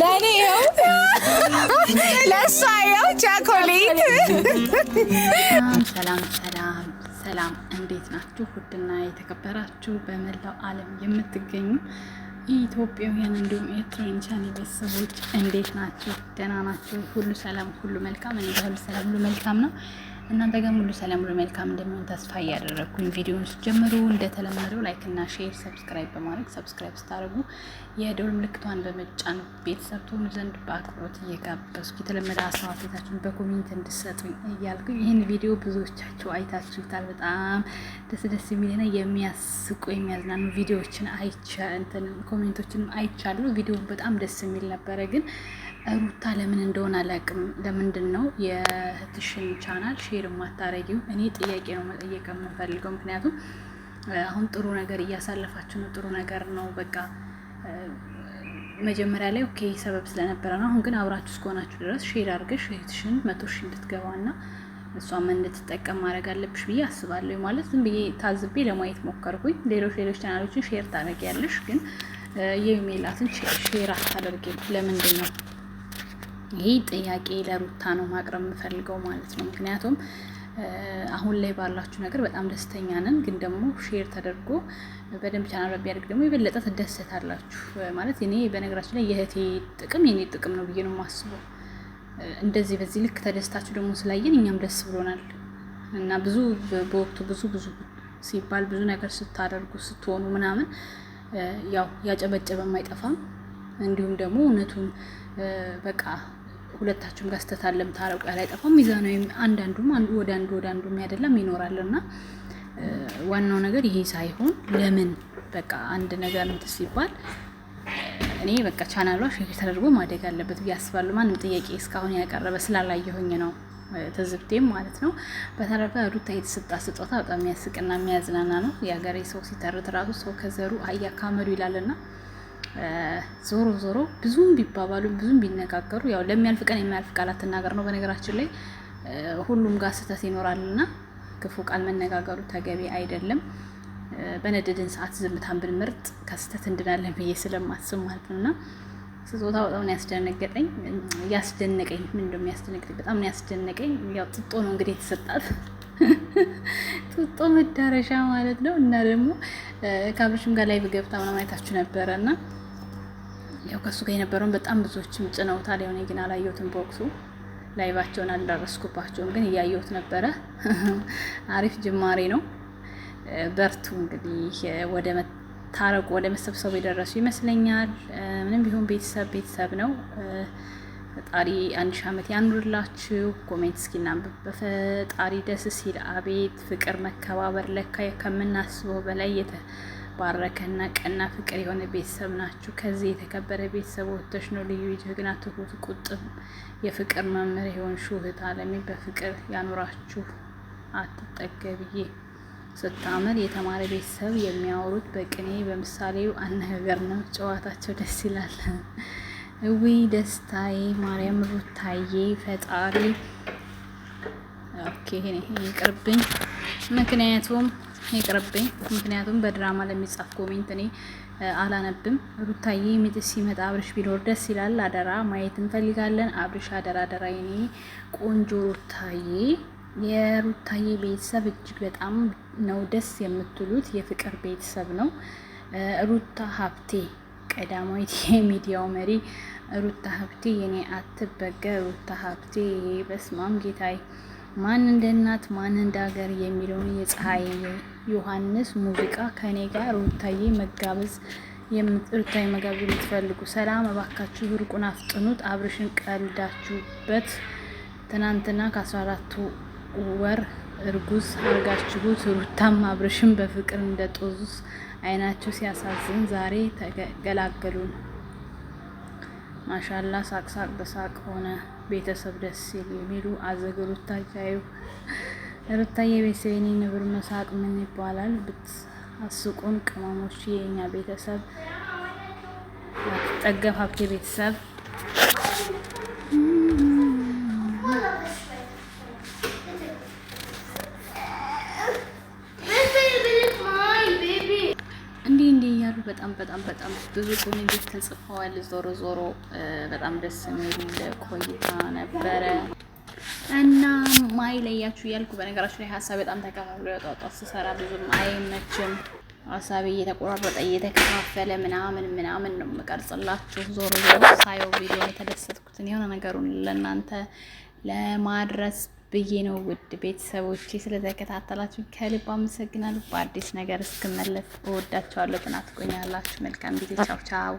ለእኔ ይኸው፣ ለእሷ ይኸው ቻኮሌት። ሰላም ሰላም ሰላም፣ እንዴት ናችሁ? ውድና የተከበራችሁ በመላው ዓለም የምትገኙ ኢትዮጵያውያን እንዲሁም ኤርትራውያን ቻናል ቤተሰቦች እንዴት ናችሁ? ደህና ናችሁ? ሁሉ ሰላም፣ ሁሉ መልካም። እኔ ሁሉ ሰላም፣ ሁሉ መልካም ነው። እናንተ ጋር ሙሉ ሰላም ሁሉ መልካም እንደሚሆን ተስፋ እያደረግኩኝ ቪዲዮውን ስጀምሩ እንደተለመደው ላይክ እና ሼር፣ ሰብስክራይብ በማድረግ ሰብስክራይብ ስታደርጉ የደውል ምልክቷን በመጫን ቤተሰብ ትሆኑ ዘንድ በአክብሮት እየጋበዝኩ የተለመደ አስተያየታችሁን በኮሜንት እንድሰጡኝ እያልኩ ይህን ቪዲዮ ብዙዎቻችሁ አይታችሁታል። በጣም ደስ ደስ የሚልና የሚያስቁ የሚያዝናኑ ቪዲዮዎችን አይቻ ኮሜንቶችንም አይቻሉ። ቪዲዮ በጣም ደስ የሚል ነበረ ግን ሩታ ለምን እንደሆነ አላውቅም። ለምንድን ነው የእህትሽን ቻናል ሼር ማታረጊው? እኔ ጥያቄ ነው መጠየቅ የምንፈልገው። ምክንያቱም አሁን ጥሩ ነገር እያሳለፋችሁ ነው፣ ጥሩ ነገር ነው። በቃ መጀመሪያ ላይ ኦኬ ሰበብ ስለነበረ ነው። አሁን ግን አብራችሁ እስከሆናችሁ ድረስ ሼር አድርገሽ እህትሽን መቶ ሺህ እንድትገባና እሷም እንድትጠቀም ማድረግ አለብሽ ብዬ አስባለሁ። ማለት ዝም ብዬ ታዝቤ ለማየት ሞከርኩኝ። ሌሎች ሌሎች ቻናሎችን ሼር ታደርጊያለሽ፣ ግን የኢሜይላትን ሼር አታደርጊም። ለምንድን ነው? ይሄ ጥያቄ ለሩታ ነው ማቅረብ የምፈልገው ማለት ነው። ምክንያቱም አሁን ላይ ባላችሁ ነገር በጣም ደስተኛ ነን፣ ግን ደግሞ ሼር ተደርጎ በደንብ ቻናል ቢያደርግ ደግሞ የበለጠ ትደሰታላችሁ ማለት እኔ በነገራችን ላይ የእህቴ ጥቅም የኔ ጥቅም ነው ብዬ ነው የማስበው። እንደዚህ በዚህ ልክ ተደስታችሁ ደግሞ ስላየን እኛም ደስ ብሎናል እና ብዙ በወቅቱ ብዙ ብዙ ሲባል ብዙ ነገር ስታደርጉ ስትሆኑ ምናምን ያው ያጨበጨበ አይጠፋም። እንዲሁም ደግሞ እውነቱን በቃ ሁለታችሁም ጋር ስህተት አለም ታረቁ ያለ አይጠፋም። ሚዛናዊ አንዳንዱም ወደ አንዱ ወደ አንዱም ያደለም ይኖራል እና ዋናው ነገር ይሄ ሳይሆን ለምን በቃ አንድ ነገር እንትን ሲባል እኔ በቃ ቻናሏ ሼር ተደርጎ ማደግ አለበት ብዬ አስባለሁ። ማንም ጥያቄ እስካሁን ያቀረበ ስላላየሁኝ ነው ትዝብቴም ማለት ነው። በተረፈ ሩታ የተሰጣ ስጦታ በጣም የሚያስቅና የሚያዝናና ነው። የሀገሬ ሰው ሲተርት ራሱ ሰው ከዘሩ አያካመዱ ካመዱ ይላልና ዞሮ ዞሮ ብዙም ቢባባሉ ብዙም ቢነጋገሩ ያው ለሚያልፍ ቀን የሚያልፍ ቃል አትናገር ነው። በነገራችን ላይ ሁሉም ጋር ስህተት ይኖራልና ክፉ ቃል መነጋገሩ ተገቢ አይደለም። በነደድን ሰዓት ዝምታን ብንመርጥ ከስህተት እንድናለን ብዬ ስለማስብ ማለት ነው እና ስጦታ በጣም ያስደነገጠኝ። ያስደነቀኝ ምን እንደሚያስደነግጠኝ በጣም ነው ያስደነቀኝ። ያው ጥጦ ነው እንግዲህ የተሰጣት ጥጦ መዳረሻ ማለት ነው። እና ደግሞ ከአብርሽም ጋር ላይ ብገብታ ምናምን አይታችሁ ነበረ እና ያው ከእሱ ጋር የነበረውን በጣም ብዙዎችም ጭነውታል። ያው እኔ ግን አላየሁትም በወቅቱ ላይቫቸውን አልደረስኩባቸውም፣ ግን እያየሁት ነበረ። አሪፍ ጅማሬ ነው። በርቱ እንግዲህ ወደ መታረቁ ወደ መሰብሰቡ የደረሱ ይመስለኛል። ምንም ቢሆን ቤተሰብ ቤተሰብ ነው። ፈጣሪ አንድ ሺህ ዓመት ያኑርላችሁ። ኮሜንት እስኪና በፈጣሪ ደስ ሲል አቤት ፍቅር መከባበር ለካ ከምናስበው በላይ ባረከና ቀና ፍቅር የሆነ ቤተሰብ ናችሁ። ከዚህ የተከበረ ቤተሰብ ወጥተሽ ነው ልዩ ጀግና፣ ትሁት፣ ቁጥብ የፍቅር መምህር የሆን ሹህት አለሚ በፍቅር ያኖራችሁ። አትጠገብዬ ስታምር የተማረ ቤተሰብ የሚያወሩት በቅኔ በምሳሌ አነጋገር ነው። ጨዋታቸው ደስ ይላል። እዊ ደስታዬ፣ ማርያም ሩታዬ፣ ፈጣሪ ይቅርብኝ ምክንያቱም ይቅርብኝ። ምክንያቱም በድራማ ለሚጻፍ ኮሜንት እኔ አላነብም። ሩታዬ ምጥ ሲመጣ አብርሽ ቢኖር ደስ ይላል። አደራ ማየት እንፈልጋለን። አብርሽ አደራ፣ አደራ የኔ ቆንጆ ሩታዬ። የሩታዬ ቤተሰብ እጅግ በጣም ነው ደስ የምትሉት። የፍቅር ቤተሰብ ነው። ሩታ ሀብቴ ቀዳማዊት የሚዲያው መሪ ሩታ ሀብቴ የኔ አትበገር ሩታ ሀብቴ። በስማም ጌታዬ ማን እንደ እናት ማን እንደ ሀገር የሚለውን የፀሐይ ዮሐንስ ሙዚቃ ከኔ ጋር ሩታዬ መጋበዝ ሩታዬ መጋብዝ የምትፈልጉ ሰላም እባካችሁ ሩቁን አፍጥኑት። አብርሽን ቀልዳችሁበት። ትናንትና ከ14 ወር እርጉዝ አርጋችሁት። ሩታም አብርሽን በፍቅር ጦዙስ አይናችሁ ሲያሳዝን ዛሬ ተገላገሉን። ማሻላ ሳቅሳቅ በሳቅ ሆነ። ቤተሰብ ደስ የሚሉ አዘገሩታ ሩታ የቤተሰብ የኔ ንብር መሳቅ ምን ይባላል? ብታስቁን ቅመሞች፣ የኛ ቤተሰብ ያትጠገብ ሀብቴ ቤተሰብ በጣም በጣም በጣም ብዙ ኮሜንቶች ተጽፈዋል። ዞሮ ዞሮ በጣም ደስ የሚል ቆይታ ነበረ። እና ማይለያችሁ እያልኩ በነገራችሁ ላይ ሀሳብ በጣም ተከፋፍሎ ያጧጧት ስሰራ ብዙም አይመችም። ሀሳብ እየተቆራረጠ እየተከፋፈለ ምናምን ምናምን ነው የምቀርጽላችሁ። ዞሮ ዞሮ ሳየው ቪዲዮ የተደሰትኩትን የሆነ ነገሩን ለእናንተ ለማድረስ ብዬ ነው። ውድ ቤተሰቦቼ ስለተከታተላችሁ ከልብ አመሰግናለሁ። በአዲስ ነገር እስክመለስ እወዳቸዋለሁ። ጥናት ቆኛላችሁ። መልካም ጊዜ። ቻው ቻው